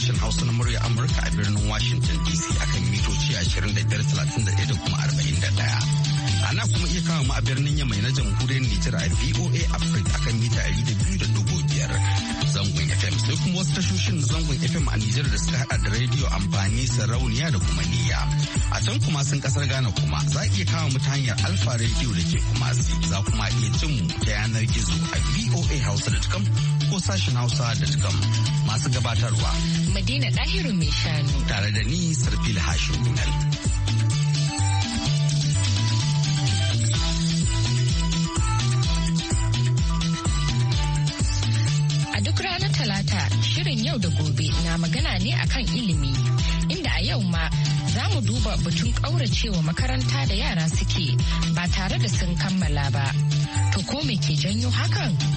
sashen Hausa na murya Amurka a birnin Washington DC akan mitoci 2531 da kuma 41. Ana kuma iya kawo mu a birnin Yamai na jamhuriyar Nijar a VOA Africa akan mita 200.5 zangon FM sai kuma wasu tashoshin na zangon FM a Nijar da suka hada da rediyo amfani sarauniya da kuma niyya. A can kuma sun kasar Ghana kuma za iya kawo mu ta hanyar Alfa rediyo da ke kuma za kuma iya cin mu ta yanar gizo a voahausa.com ko sashen hausa.com masu gabatarwa Madina Dahiru mai shanu. Tare da ni Sarfil duk ranar Talata shirin yau da gobe na magana ne akan ilimi inda a yau ma za mu duba batun ƙauracewa makaranta da yara suke ba tare da sun kammala ba. To ko me ke janyo hakan?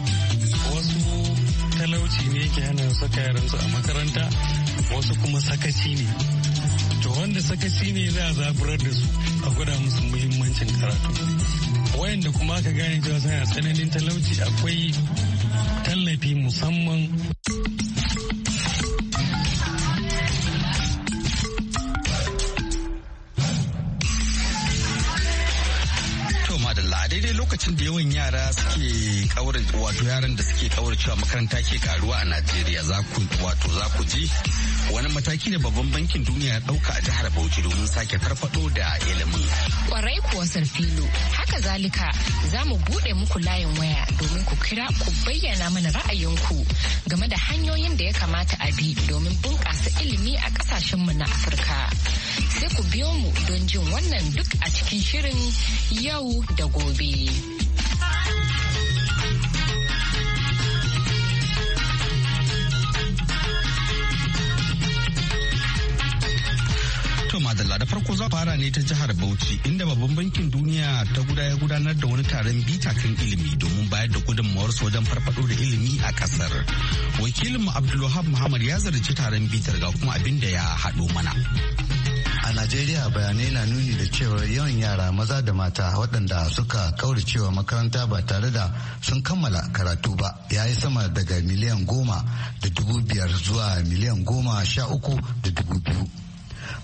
talauci ne ke hana saka yaransu a makaranta wasu kuma sakaci ne to wanda sakaci ne za a zaburar da su a gwada musu muhimmancin karatu wayanda kuma aka gane cewa suna tsananin talauci akwai tallafi musamman lokacin da yawan yara suke kaura wato yaran da suke cewa makaranta ke karuwa a Najeriya za ku wato za ku ji wani mataki da babban bankin duniya ya dauka a jihar Bauchi domin sake farfado da ilimin. Kwarai kuwa Sarfilo, haka zalika za mu bude muku layin waya domin ku kira ku bayyana mana ra'ayinku game da hanyoyin da ya kamata a bi domin bunƙasa ilimi a mu na Afirka. Sai ku biyo mu don jin wannan duk a cikin shirin yau da gobe. To madalla da farko za fara ne ta jihar Bauchi inda babban bankin duniya ta guda ya gudanar da wani taron bita kan ilimi domin bayar da gudunmawar su wajen farfado da ilimi a kasar. Wakilinmu Abdulwahab Muhammad ya zarci taron bitar ga kuma abin da ya haɗo mana. A Najeriya bayanai na nuni da cewa yawan yara maza da mata waɗanda suka kauri cewa makaranta ba tare da sun kammala karatu ba ya yi sama daga miliyan goma da dubu biyar zuwa miliyan goma sha uku da dubu biyu.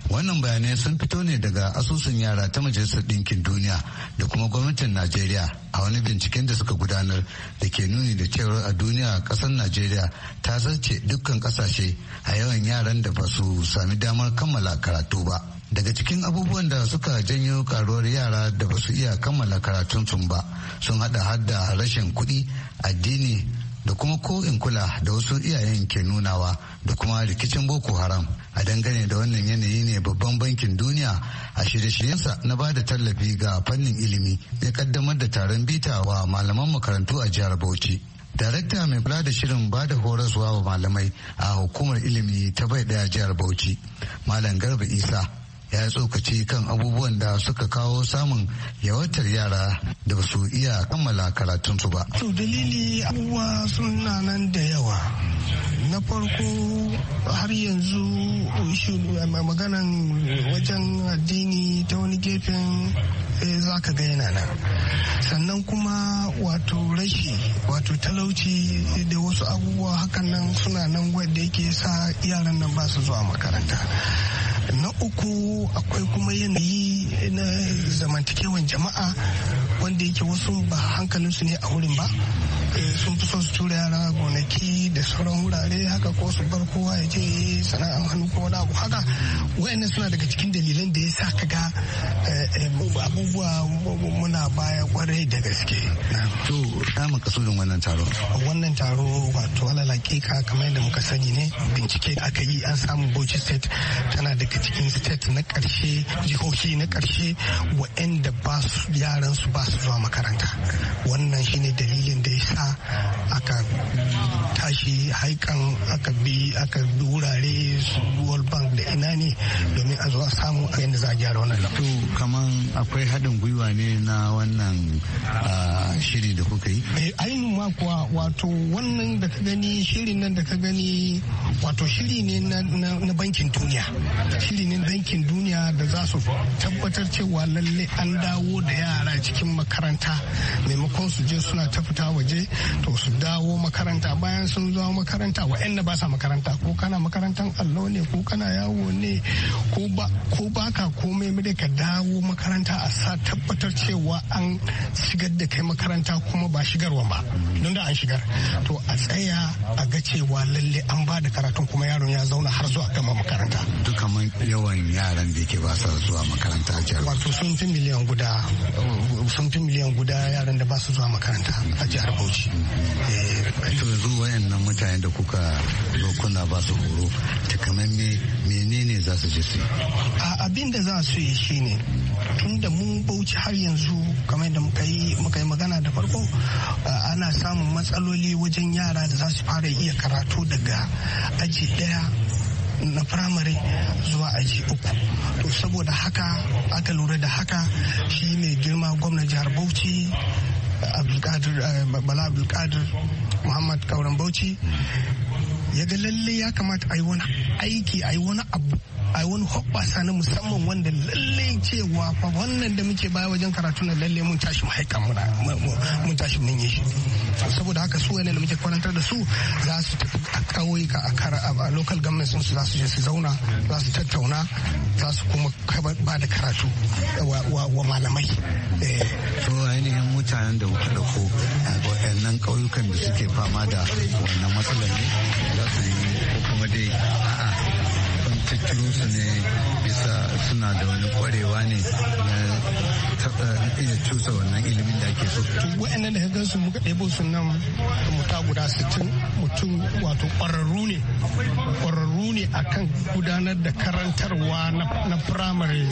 wannan bayanai sun fito ne daga asusun yara ta majalisar ɗinkin duniya da kuma gwamnatin najeriya a wani binciken da suka gudanar da ke nuni da cewar a duniya ƙasar najeriya ta zarce dukkan ƙasashe a yawan yaran da ba su sami damar kammala karatu ba daga cikin abubuwan da suka janyo karuwar yara da ba su iya kammala karatun karatunsu ba sun hada hada rashin kuɗi addini da kuma ko kula da wasu iyayen ke nunawa da kuma rikicin boko haram a dangane da wannan yanayi ne babban bankin duniya a shirye-shiryensa na ba da tallafi ga fannin ilimi ya kaddamar da taron bita wa malaman makarantu a jihar bauchi darakta mai kula da shirin ba da horaswa wa malamai a hukumar ilimi ta bai daya jihar bauchi malam garba isa ya tsokace kan abubuwan da suka kawo samun yawaitar yara da ba su iya kammala karatunsu ba. To dalili abubuwa suna nan da yawa. Na farko har yanzu maganan wajen addini ta wani gefen eh, za ka ga yana nan. Sannan kuma wato rashi wato talauci da wasu abubuwa hakan nan suna nan wadda yake sa yaran nan ba su zuwa makaranta. na uku akwai kuma yanayi na zamantakewan jama'a wanda yake wasu ba hankalinsu ne a wurin ba sun fi son su tura yara gonaki da sauran wurare haka ko su bar kowa ya je sana'ar hannu ko wani abu haka wayannan suna daga cikin dalilan da ya sa ka ga eh, eh, abubuwa muna baya kwarai da gaske to ta mu kasudin wannan taro wannan taro wato alal hakika kamar yadda muka sani ne bincike da aka yi an samu Bauchi state tana daga cikin state na karshe jihohi na karshe wa'anda ba su yaran su ba su zuwa makaranta wannan shine dalilin da ya sa ta aka tashi haikan aka bi aka bi wurare su world bank da ina ne domin a zo a samu a yadda za a gyara wannan lafi. kaman akwai haɗin gwiwa ne na wannan shiri da kuka yi eh, ainihin ma wato wannan da ka gani shirin nan da ka gani wato shiri ne na bankin duniya shiri ne bankin duniya da za su tabbatar cewa lalle an dawo da yara cikin makaranta maimakon su je suna ta fita waje to su dawo makaranta bayan sun zo makaranta waɗanda ba sa makaranta ko kana makarantar allo ne ko kana yawo ne ko ba ka komai mai ka dawo makaranta a sa tabbatar cewa an shigar da kai makaranta kuma ba shigarwa ba don da an shigar to a tsaya a ga cewa lalle an ba da karatun kuma yaron ya zauna har zuwa gama makaranta duka yawan yaran da ke ba zuwa makaranta jihar wato sun miliyan guda sun fi miliyan guda yaran da ba su zuwa makaranta a jihar bauchi shi eh, to yanzu wayannan mutane da kuka zo kuna ba su horo takamaimai menene za su je su a da za su yi shine tun da mun bauchi har yanzu kamar da muka yi magana da farko ana samun matsaloli wajen yara da za su fara iya karatu daga aji daya na firamare zuwa aji uku to saboda haka aka lura da haka shi mai girma gwamnan jihar bauchi abdulkadir eh, bala abdulkadir muhammad kauran bauchi ya ga lalle ya kamata a yi wani aiki a yi wani abu a wani hoɓɓasa na musamman wanda lalle cewa fa wannan da muke baya wajen karatu na lalle mun tashi mu haika mun tashi mun yi shi saboda haka su wani da muke kwarantar da su za su tafi a ƙauyuka a kara a local government su za su je su zauna za su tattauna za su kuma ba da karatu wa malamai. Eh. to ainihin mutanen da kuka ko eh, nan ƙauyukan da suke fama da wannan matsalar ne za su yi ko kuma dai a'a tattaro su ne bisa suna da wani kwarewa ne na iya cusa wannan ilimin da ake so. Wa'annan da ka su muka ɗebo su nan muta guda sittin mutum wato ƙwararru ne ƙwararru ne akan gudanar da karantarwa na firamare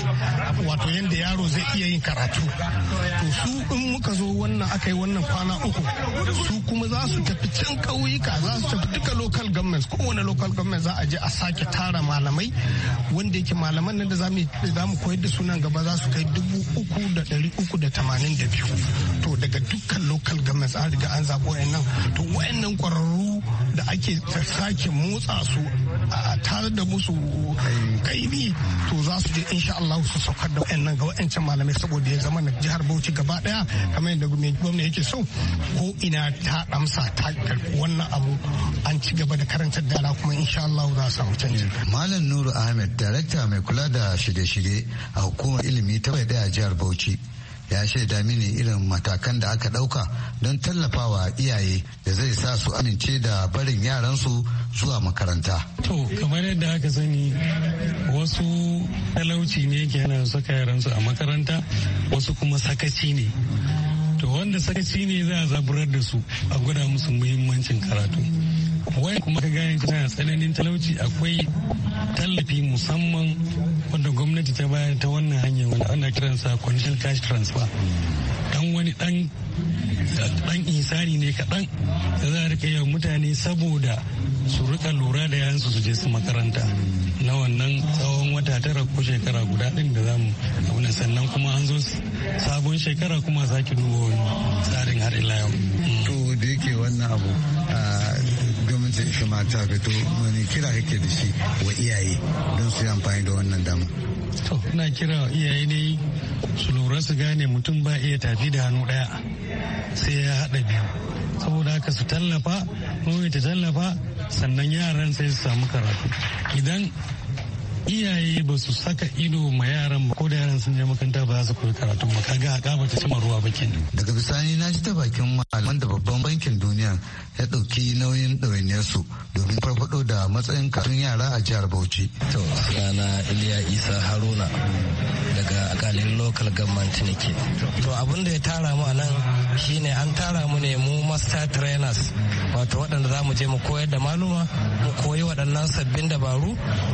wato yadda yaro zai iya yin karatu. To su in muka zo wannan aka yi wannan kwana uku su kuma za su tafi can ƙauyuka za su tafi duka local governments kowane local government za a je a sake tara malamai kai wanda yake malaman nan da za mu koyar da sunan gaba za su kai dubu uku da dari uku da tamanin da biyu local governments an riga an zaɓi wayannan to wayannan kwararru da ake sake motsa su a tare da musu kaimi to za su je insha Allah su saukar da wayannan ga wayancan malamai saboda ya zama na jihar Bauchi gaba daya kamar yadda gwamna yake so ko ina ta amsa ta wannan abu an ci gaba da karanta da kuma insha Allah za su Malam Nuru Ahmed darakta mai kula da shirye-shirye a hukumar ilimi ta bai a jihar Bauchi ya shaida mini irin matakan da aka ɗauka don tallafawa iyaye da zai sa su amince da barin yaransu zuwa makaranta. To kamar yadda aka sani wasu talauci ne ke yana saka yaransu a makaranta wasu kuma sakaci ne. To wanda sakaci ne za a zaburar da su a gwada musu muhimmancin karatu. wai kuma ka gane tana tsananin talauci akwai tallafi musamman wanda gwamnati ta bayar ta wannan hanyar wanda ana kiransa condition cash transfer dan wani dan dan isari ne kaɗan da za a rika yawan mutane saboda su rika lura da yayansu su je su makaranta na wannan tsawon wata tara ko shekara guda ɗin da zamu abunan sannan kuma an zo sabon shekara kuma sake duba wani tsarin har ila yau. to da yake wannan abu ah, sai shi mata fito wani kira kake da shi wa iyaye don su yi amfani da wannan dama. To, ina kira wa iyaye ne su lura su gane mutum ba iya tafi da hannu ɗaya sai ya haɗa biyu. Saboda haka su tallafa, ko ta tallafa sannan yaran sai su samu karatu. Idan iyaye ba su saka ido ma yaran ko da yaran sun je makaranta ba su koyi karatun ba kaga a kaba ta cimma ruwa bakin daga bisani na ji ta bakin malaman da babban bankin duniya ya dauki nauyin ɗawainiyar su domin farfado da matsayin karin yara a jihar Bauchi. To sunana Iliya Isa Haruna daga akalin local government nake. To abin da ya tara mu a nan shine an tara mu ne mu master trainers wato waɗanda za mu je mu koyar da maluma mu koyi waɗannan sabbin dabaru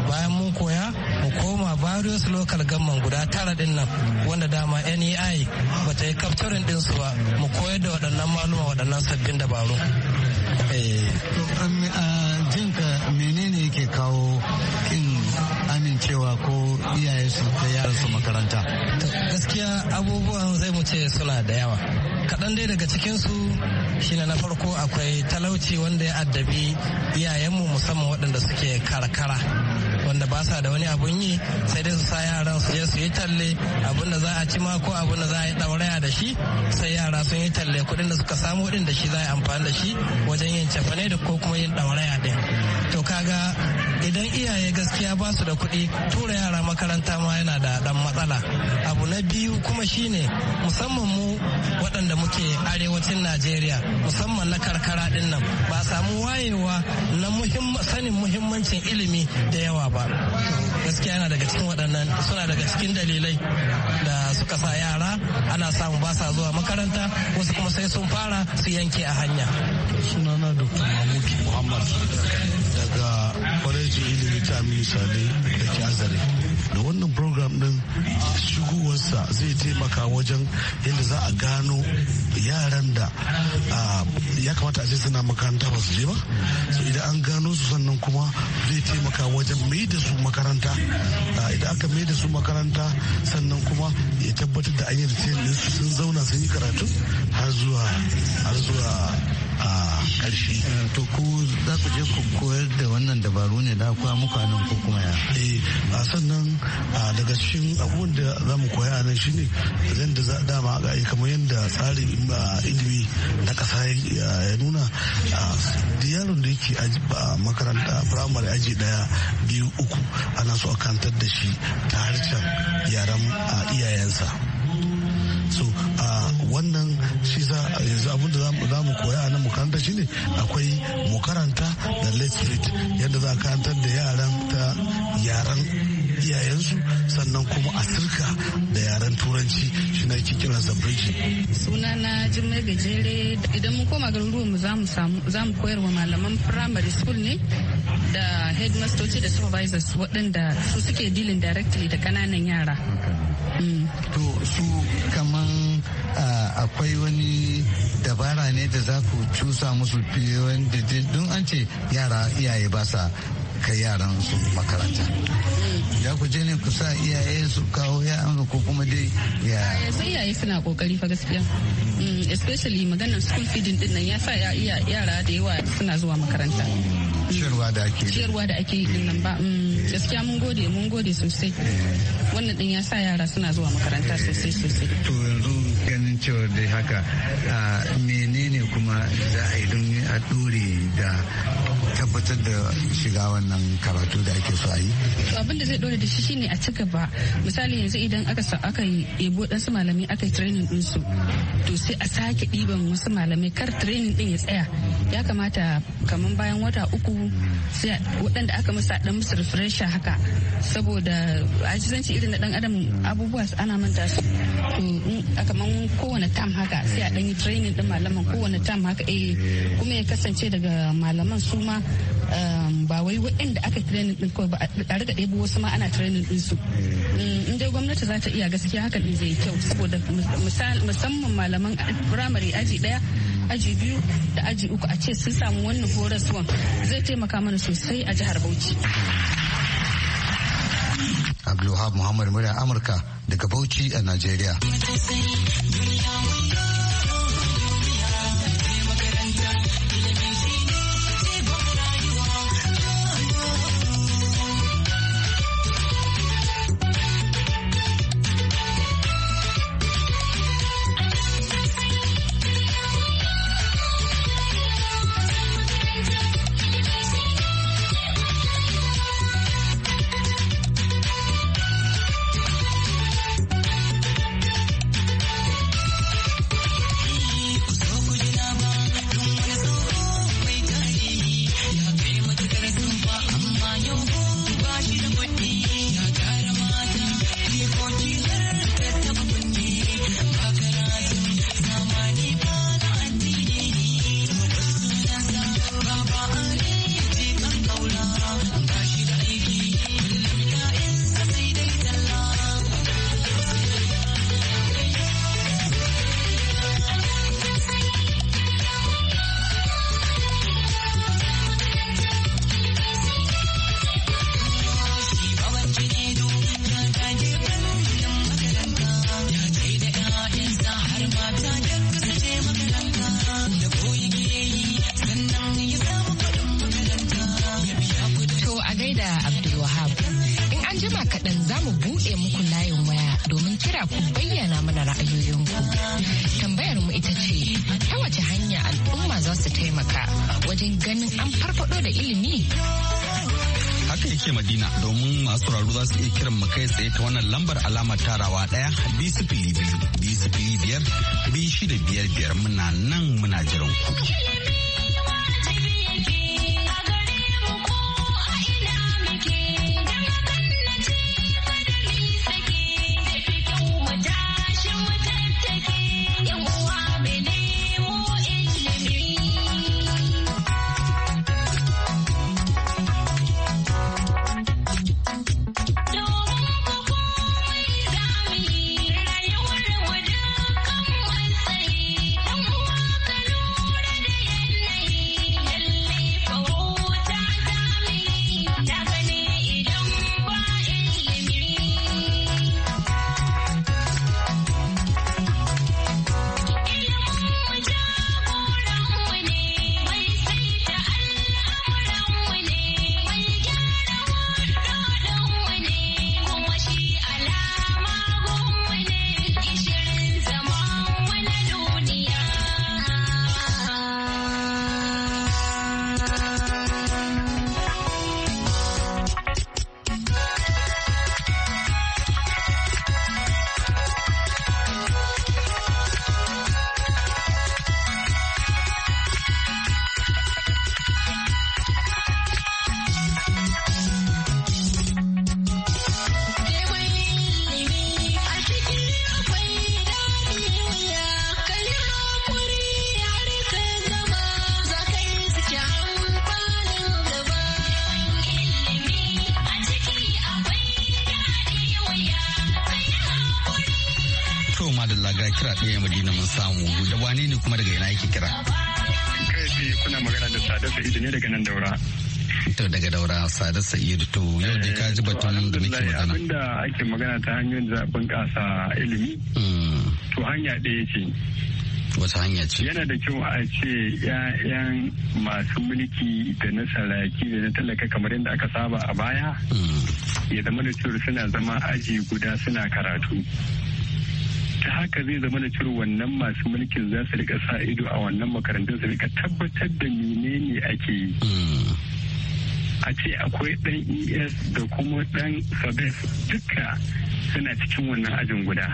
bayan mun koya mu koma various local government guda tara din nan wanda dama NEI bata yi capturing din su ba mu koyar da waɗannan maluma waɗannan sabbin dabaru. Eh. Ah, menene yake kawo kin amincewa ko iyaye su ta yaran su makaranta gaskiya abubuwan zai mu ce suna da yawa kaɗan dai daga cikinsu shine na farko akwai talauci wanda ya addabi iyayenmu musamman waɗanda suke karkara wanda ba sa da wani abun yi sai dai su sa yaran su je su yi talle abun da za a ci ma ko abun da za a yi ɗauraya da shi sai yara sun yi talle kuɗin da suka samu ɗin da shi za a yi amfani da shi wajen yin cefane da ko kuma yin ɗauraya ɗin to kaga idan iyaye gaskiya ba su da kuɗi tura yara makaranta ma yana da ɗan matsala abu na biyu kuma shine musamman mu waɗanda muke arewacin najeriya musamman na karkara ɗin nan ba samu wayewa na sanin muhimmancin ilimi da yawa ba gaskiya yana daga cikin waɗannan suna daga cikin dalilai da suka sa yara ana samu ba sa zuwa makaranta wasu kuma sai sun fara su yanke a hanya sunana Muhammad daga kwalejin ilimi ta misali da ke Azare. Da wannan program din shigowarsa zai taimaka wajen yadda za a gano yaran da ya kamata a ce suna makaranta ba su je ba. So idan an gano su sannan kuma zai taimaka wajen mai da su makaranta. Idan aka mai da su makaranta sannan kuma ya tabbatar da an yi sun zauna sun yi karatu har zuwa har zuwa a ƙarshe. To ku za ku je ku koyar da wannan dabaru ne da kuwa muka nan ko kuma ya? Eh sannan daga cikin abubuwan da za mu koya a nan ne zan da za dama ga kamar yadda tsarin ilimi na ƙasa ya nuna da yaron da yake a makaranta firamare aji daya biyu uku ana so a kantar da shi ta harshen yaran iyayensa. so a wannan shi za yanzu abin da za mu koya a nan makaranta shine akwai mu karanta da late yadda za a karantar da yaran ta yaran iyayensu sannan kuma a sirka da yaren turanci shi na yake kiran sa suna na jimai gajere idan mun koma garuruwan mu za mu koyar wa malaman primary school ne da headmastoci da supervisors waɗanda su suke dealing directly da kananan yara mm. to su kaman akwai wani dabara ne da za ku cusa musu fiye wanda don an ce yara iyaye ba sa kai yaran su makaranta ya ku je ne ku sa iyaye su kawo yaran ko kuma dai ya eh, sai iyaye suna kokari fa gaskiya mm, especially maganar school feeding din nan ya sa yara da yawa suna zuwa makaranta ciyarwa da ake ciyarwa da ake yi nan ba mm, gaskiya mun gode mun gode sosai eh. wannan din ya sa yara suna zuwa makaranta sosai eh, sosai to yanzu ganin cewa dai haka ah, menene kuma za a yi don a dore da tabbatar da shiga wannan karatu da ake so a yi. To abin da zai dole da shi shine a cika ba misali yanzu idan aka sa aka ebo dan su malamai aka yi training din su to sai a sake diban wasu malamai kar training din ya tsaya ya kamata kamar bayan wata uku sai waɗanda aka musa dan musu refresher haka saboda ajizanci irin na dan adam abubuwa su ana manta su to kamar kowane tam haka sai a dan yi training din malaman kowane tam haka eh kuma ya kasance daga malaman su ma Um, ba wai waɗanda aka training din kawai ba a riga ɗebo wasu ma ana training din su mm, in dai gwamnati za ta iya gaskiya hakan din zai kyau saboda musamman malaman primary aji ɗaya aji biyu da aji uku a ce sun samu wannan horaswan zai taimaka mana sosai a jihar Bauchi. Abdulhab Muhammad Murya Amurka daga Bauchi a Najeriya. ce Madina domin masu sauraro za su iya kiran mu kai tsaye ta wannan lambar alamar tarawa ɗaya bi sifili biyu bi sifili biyar bi shida biyar biyar muna nan muna jiran ku. kuma daga ina yake kira kai kuna magana da sada sa'idu ne daga nan daura to daga daura sada sa'idu to yau dai ka ji eh, batun da muke magana abinda ake magana ta hanyoyin da bunƙasa ilimi hmm. to hanya ɗaya ce wata hanya ce yana da kyau a ce 'ya'yan masu mulki da na saraki da na talaka kamar yadda aka saba a baya hmm. ya zama da cewa suna zama aji guda suna karatu ta haka zai zama da cewa wannan masu mulkin za su rika sa ido a wannan makarantun su rika tabbatar da menene ake yi a ce akwai ɗan es da kuma ɗan sabes duka suna cikin wannan ajin guda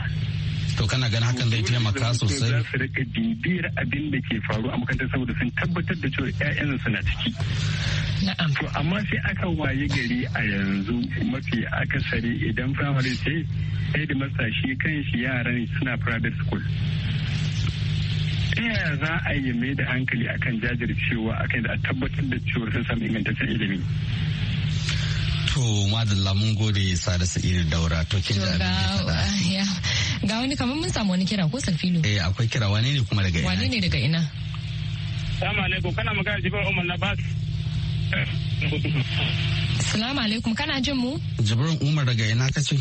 to kana ganin hakan zai taimaka sosai za su rika bibiyar abin da ke faru a makarantar saboda sun tabbatar da cewa 'ya'yan suna ciki To amma sai aka waye gari a yanzu mafi akasari idan firamare ce headmaster shi kan shi yaran suna private school. ta yaya za a yi mai da hankali akan jajircewa akan da a tabbatar da cewa sun samu ingantaccen ilimi to madalla mun gode sada sa'idu daura to kin ji ga wani kamar mun samu wani kira ko Salfilo. eh akwai kira wane ne kuma daga ina wane ne daga ina salamu alaikum kana magana jibril umar bas. Salamu alaikum kana jin mu? Jibrin Umar daga ina kace?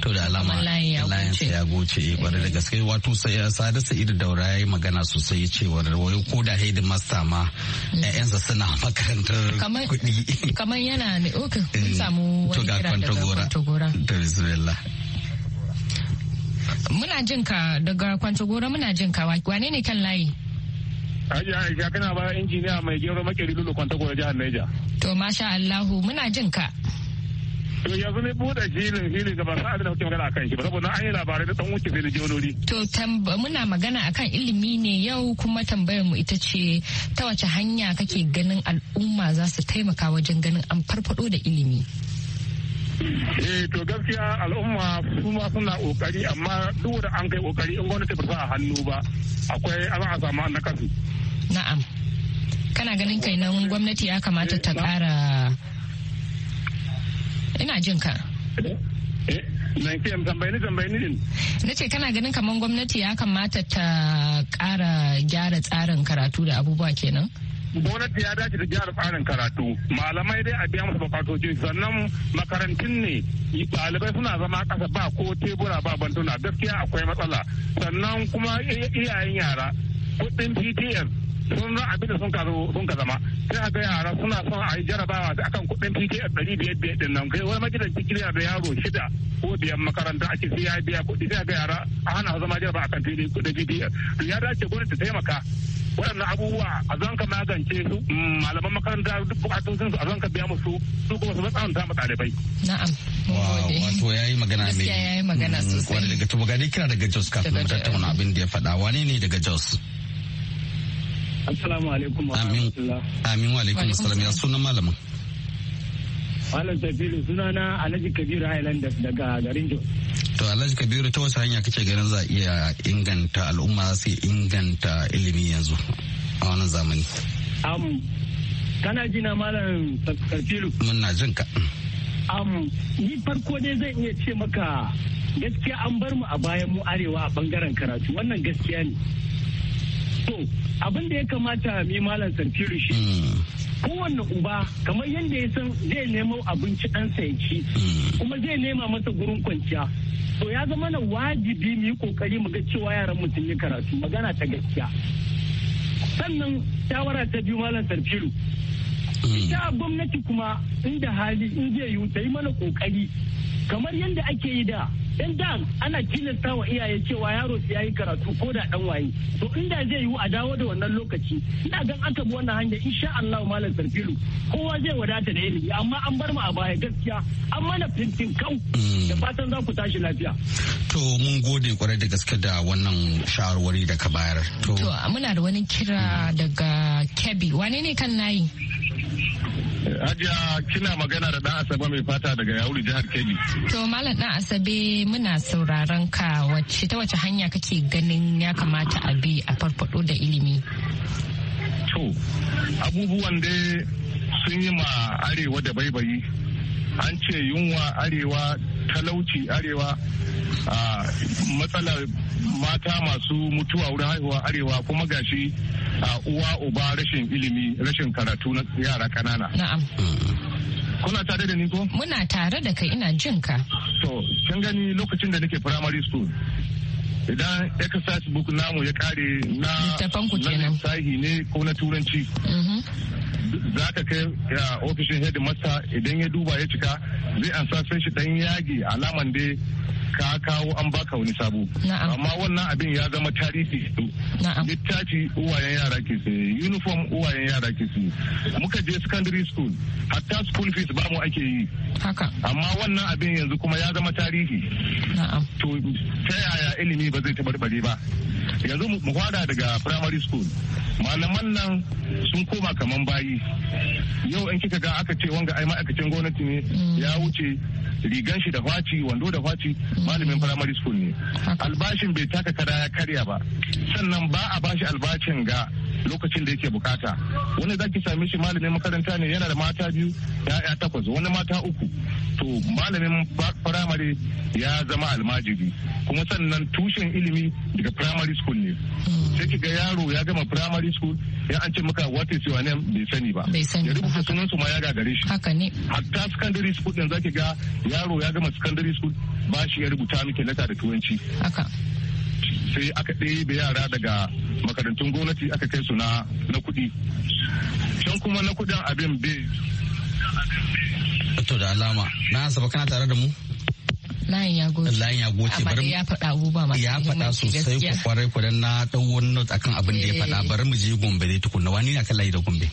To da alama Alliance ya goce eh, kwarai da gaske wato eh, sai da Daura ya yi magana sosai cewar wayo ko da Haidin Master ma mm. ƴaƴansa suna makarantar kuɗi. Kamar yana ne oke mun eh, samu wani kira daga Kwantagora. To bismillah. Muna jin ka daga Kwantagora muna jin ka wane ne kan layi? Hajiya Aisha kana ba injiniya mai gero makeri lulu kwanta gore jihar Neja. To masha Allahu muna jin ka. To yanzu ne buɗe filin filin gaba sa'ad da kuke magana akan shi ba saboda an yi labarai da ɗan wuce filin jonori. To muna magana akan ilimi ne yau kuma tambayar mu ita ce ta wace hanya kake ganin al'umma za su taimaka wajen ganin an farfado da ilimi. eh to gaskiya al'umma su ma suna kokari amma duk da an kai kokari in gwamnati ba a hannu ba akwai an a samu an kasu na'am kana ganin kai nan gwamnati ya kamata ta kara ina jin ka eh, na ce kana ganin kamar gwamnati ya kamata ta kara gyara tsarin karatu da abubuwa kenan? gwamnati ya dace da jihar tsarin karatu malamai dai a biya musu bukatocin sannan makarantun ne ɗalibai suna zama ƙasa ba ko tebura ba bantuna gaskiya akwai matsala sannan kuma iyayen yara kuɗin pts sun ga abin da sun ka sun ka zama sai ga yara suna son a yi jarabawa da akan kuɗin a ɗari biyar biyar ɗin nan kai wani magidan cikin da yaro shida ko biyan makaranta ake sai ya biya kuɗi sai ga yara a hana zama jarabawa akan kuɗin PTS to ya dace gwamnati ta taimaka waɗannan abubuwa a zan ka magance su mm, malaman makaranta duk bukatun su a zan ka biya musu su kuma su matsanta ma ɗalibai. Na'am. Wato ya yi magana mai. Gaskiya ya yi magana mm, sosai. Wanda daga Tuba Gani kira daga Jos kafin mu tattauna abin da ya faɗa wani ne daga Jos. Assalamu alaikum wa rahmatullah. Amin wa alaikum assalam ya sunan malamin. Malam Tafilu sunana Alhaji Kabiru Highlanders daga garin To Alhaji Kabiru ta wasu hanya kake ganin za iya inganta al'umma su inganta ilimi yanzu a wannan zamani. Am kana jina malam Tafilu. Muna jin ka. Am ni farko dai zan iya ce maka gaskiya an bar mu a bayan mu arewa a bangaren karatu wannan gaskiya ne. to abin da ya kamata mi malam santiru shi hmm. kowanne uba kamar yadda ya san zai nemo abinci ɗansa ya ci hmm. kuma zai nema masa gurin kwanciya to ya zama na wajibi mu yi kokari mu ga cewa yaran mutum yi karatu magana ta gaskiya sannan shawara ta biyu malam sarfilu hmm. ita gwamnati kuma inda hali in zai yi ta yi mana kokari kamar yadda ake yi da in da ana tilasta wa iyaye cewa yaro su yayi karatu ko da dan waye to inda zai yiwu a dawo da wannan lokaci ina gan aka bi wannan hanya insha Allah malam sarfilu kowa zai wadata da ilimi amma an bar mu a baya gaskiya an mana fintin kau da mm. fatan za ku tashi lafiya to mun gode kwarai da gaske da wannan shawarwari da ka bayar to muna da wani kira mm. daga Kebbi wane ne kan nayi Hajiya kina magana da ɗan Asabe mai fata daga Yauri jihar Kebbi. To Malam ɗan Asabe muna sauraron ka wacce ta wace hanya kake ganin ya kamata a bi a farfado da ilimi? To abubuwan dai sun yi ma arewa da baibayi an ce yunwa arewa talauci arewa a matsalar mata masu mutuwa wurin haihuwa arewa kuma gashi uwa uba rashin ilimi rashin karatu na yara kanana na'am kuna tare da ni ko muna tare da kai ina jin ka to kin gani lokacin da nake primary school idan exercise book namu ya kare na sahi ne ko na turanci mm-hmm. za ka kai ofishin headmaster idan ya duba ya cika zai ansa sai shi dan yagi alaman dai ka kawo an baka wani sabo amma wannan abin ya zama tarihi littafi uwayen yara ke saye uniform uwayen yara ke saye muka je secondary school hatta school fees ba mu ake yi amma wannan abin yanzu kuma ya zama tarihi to ta yaya ilimi ba zai tabarbare ba yanzu mu kwada daga primary school malaman nan sun koma kamar bayi yau in kika ga aka ce wanga ai ma'aikacin gwamnati ne mm. ya wuce rigan shi da kwaci wando da kwaci malamin primary school ne albashin bai taka kada ya karya ba sannan ba a bashi albashin ga lokacin da yake bukata wani zaki same shi malamin makaranta ne yana da mata biyu ya'ya takwas wani mata uku to malamin firamare ya zama almajiri kuma sannan tushen ilimi daga primary school ne sai ki ga yaro ya gama primary school ya an ce maka what is your name bai sani ba ya rubuta sunan su ma ya gagare shi haka ne hatta secondary school din zaki ga yaro ya gama secondary school ba shi ya rubuta miki lata da turanci haka sai aka ɗebe yara daga makarantun gwamnati aka kai su na kuɗi can kuma na kuɗin abin bai to da alama na asaba kana tare da mu layin ya goce layin ya goce bari ya faɗa abubuwa masu ya faɗa sosai ku kwarai ku na ɗan wani akan abin da ya faɗa eh. bari mu je gombe dai tukunna wani ne akan layi da gombe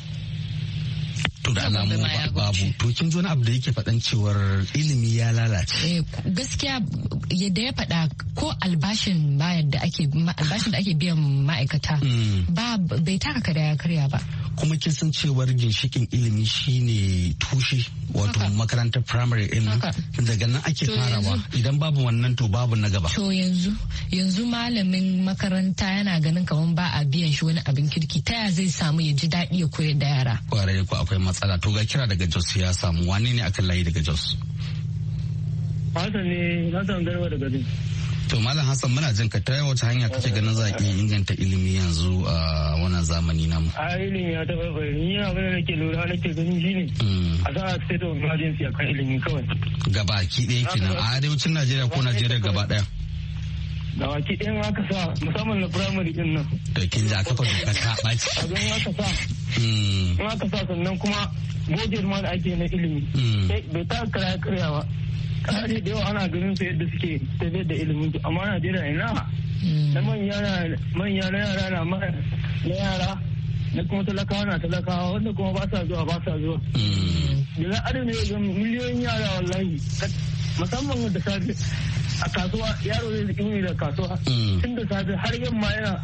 to da alamu babu to kin zo abu da yake faɗan cewar ilimi ya lalace eh, gaskiya yadda ya faɗa ko albashin bayar da ake albashin da ake biyan ma'aikata hmm. ba bai taka kada ya karya ba kuma kin san cewar ginshikin ilimi shine tushe wato makarantar primary din daga nan ake farawa idan babu wannan to babu na gaba to yanzu yanzu malamin makaranta yana ganin kaman ba a biyan shi wani abin kirki ta ya zai samu ya ji daɗi ya koyar da yara kwarai ko akwai matsala to ga kira daga Jos ya samu wani ne akan layi daga Jos. Hassan ne Hassan Garba To Malam Hassan muna jin ka ta wace hanya kake ganin za iya inganta ilimi yanzu a wannan zamani mu. A ilimi ya taɓa bayani ni abin da ke lura ke ganin shi ne. Mm. A a state of emergency a kan ilimi kawai. Gaba ki ɗaya kenan a arewacin Najeriya ko Najeriya gaba ɗaya. da waki ɗin aka sa musamman na firamare ɗin nan. Da kin za kafa doka ta ɓaci. A don aka sa. Hmm. In aka sa sannan kuma goje ma da ake na ilimi. Hmm. Bai ta karya karya ba. Kare da yawa ana ganin su yadda suke tafiya da ilimin su amma Najeriya ina. Hmm. Na manya na yara na na yara na kuma talakawa na talakawa wanda kuma ba sa zuwa ba sa zuwa. Yanzu adana yau miliyoyin yara wallahi musamman da safe a kasuwa yaro zai ziki yi da kasuwa mm. tun da safe har yamma yana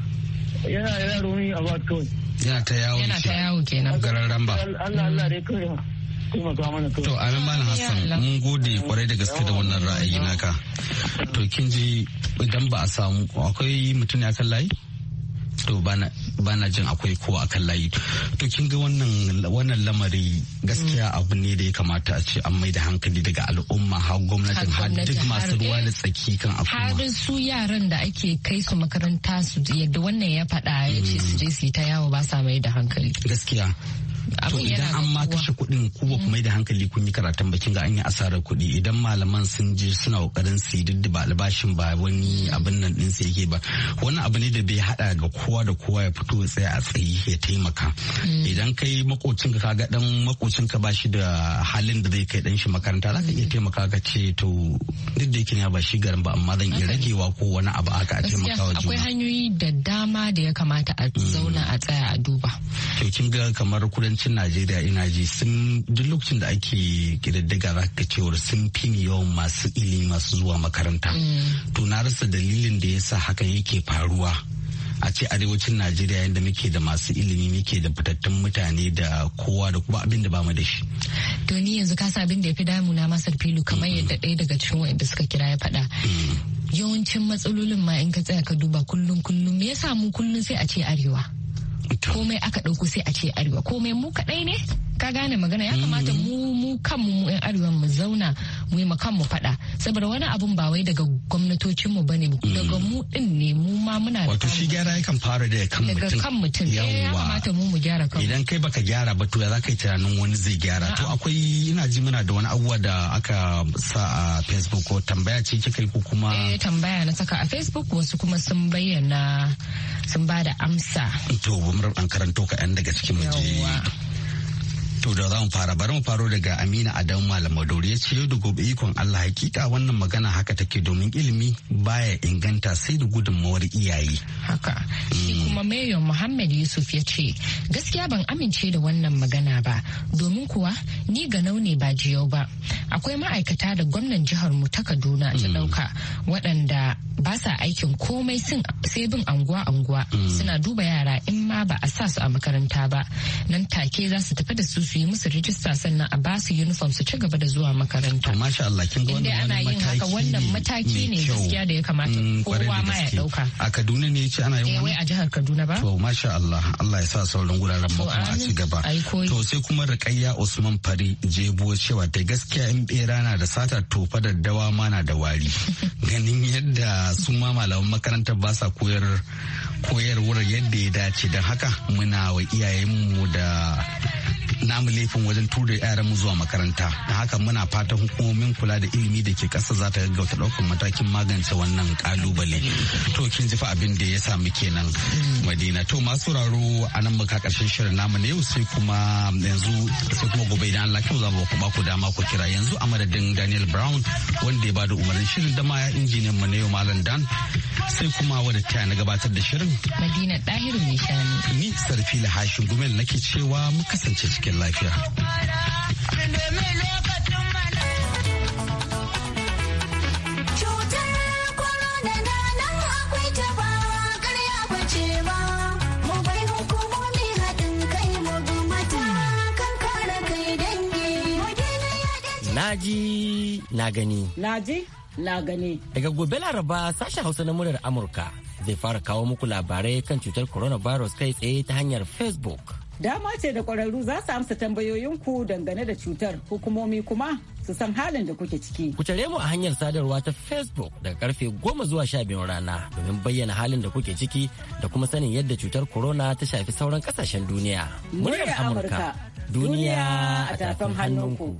yana yaro ne a ba kawai yana ta yawo yana ta yawo kenan gararan ba Allah Allah dai kawai To amin malam Hassan mun gode kwarai da gaske da wannan ra'ayi naka. To kin ji idan ba a samu akwai mutum ne akan layi? to bana jin akwai ko a kan layi to kin ga wannan lamari gaskiya abu ne da ya kamata a ce an mai da hankali daga al'umma har gwamnatin har duk masu ruwa da tsaki kan abu har su yaran da ake kai su makaranta su yadda wannan ya faɗa ya ce su je su yi ta yawo ba sa mai da hankali gaskiya to idan an ma kashe kuɗin ku ba ku mm. mai da hankali kun yi karatun bakin ga an yi asarar kuɗi idan malaman sun je suna kokarin su yi diddiba albashin ba wani mm. abin nan din sai yake ba wani abu ne da bai haɗa ga kowa da kowa ya fito ya tsaya a tsayi ya taimaka mm. idan kai makocin ka ga dan makocin ka bashi da halin da zai kai dan shi makaranta za ka iya taimaka ka ce to duk da yake ba shi garin ba amma zan iya ragewa ko wani abu aka a taimaka wa juna akwai hanyoyi da dama da ya kamata a zauna a tsaya a duba to kin ga kamar kudancin najeriya ina ji sun duk lokacin da ake kididdiga za ka cewar sun fi yawan masu ilimi masu zuwa makaranta mm. to na rasa dalilin da yasa hakan yake faruwa a ce arewacin najeriya yadda muke da masu ilimi muke da fitattun mutane da kowa da kuma abin da ba mu da shi to ni yanzu ka abin da ya fi damuna masar filu kamar yadda ɗaya daga cikin wanda suka kira ya faɗa mm. yawancin matsalolin ma in ka tsaya ka duba kullum kullum me yasa mu kullum sai a ce arewa komai aka ɗauko sai a ce arewa komai mu kaɗai ne ka gane magana ya kamata mm-hmm. mu mu kanmu mu 'yan arewa mu zauna mu yi kanmu faɗa saboda wani abun ba wai daga gwamnatocin mu bane daga mm. mu din ne mu ma muna wato shi gyara yakan fara daga kan mutum daga kan mutum ya kamata mu mu gyara kan idan kai baka gyara ba to ya zaka yi tunanin wani zai gyara to akwai ina ji muna da wani abuwa da aka sa a Facebook ko tambaya ce kika yi ko kuma eh tambaya na saka a Facebook wasu kuma sun bayyana sun ba da amsa to mu an karanto ka yan daga cikin mu To da za mu fara bari mu faro daga Amina Adamu Malam Maduri ya ce da gobe ikon Allah hakika wannan magana haka take domin ilimi baya inganta sai da gudunmawar iyaye. Haka. Shi mm. kuma Mayo Muhammad Yusuf ya ce gaskiya ban amince da wannan magana ba domin kuwa ni ga ne ba jiyau ba. Akwai ma'aikata da gwamnan jihar mu ta Kaduna ta dauka mm. waɗanda ba sa aikin komai sai bin anguwa-anguwa mm. suna duba yara in ma ba a sa su a makaranta ba nan take za su tafi da su su yi musu rijista sannan a ba su uniform su ci gaba da zuwa makaranta. Masha Allah kin ga wannan ana yin haka wannan mataki ne gaskiya da ya kamata mm, kowa ma ya dauka. A Kaduna ne yace ana yin eh, wani. a jihar Kaduna ba. To masha Allah Allah ya sa sauran guraren mu kuma a ci gaba. To sai kuma Rakayya Usman Fari Jebuwa cewa dai gaskiya in bera na da sata tofa da dawa ma na da wari. Ganin yadda su ma malaman makarantar ba sa koyar koyarwar yadda ya dace don haka muna wa iyayenmu da namu laifin wajen tura yaran mu zuwa makaranta da haka muna fatan hukumomin kula da ilimi da ke kasa za ta gaggauta daukan matakin magance wannan kalubale to kin ji fa abin da ya samu kenan madina to masu sauraro a nan muka ƙarshen shirin namu na yau sai kuma yanzu sai kuma gobe idan Allah kyau za mu ba ku dama ku kira yanzu amadadin madadin Daniel Brown wanda ya bada umarnin shirin da ma ya injiniyan mu na yau Malam Dan sai kuma wadda ta na gabatar da shirin Madina Dahiru ne shani ni Sarfila Hashim Gumel nake cewa mu kasance cikin aikin lafiya. Naji na gani. Naji na gani. Daga gobe Laraba sashen Hausa na muryar Amurka zai fara kawo muku labarai kan cutar coronavirus kai tsaye ta hanyar Facebook. Dama ce da ƙwararru za su amsa tambayoyin ku dangane da cutar hukumomi kuma su san halin da kuke ciki. Ku tare mu a hanyar sadarwa ta Facebook daga karfe goma zuwa sha biyun rana domin bayyana halin da kuke ciki da kuma sanin yadda cutar corona ta shafi sauran kasashen duniya. Muryar Amurka, duniya a tafin hannunku.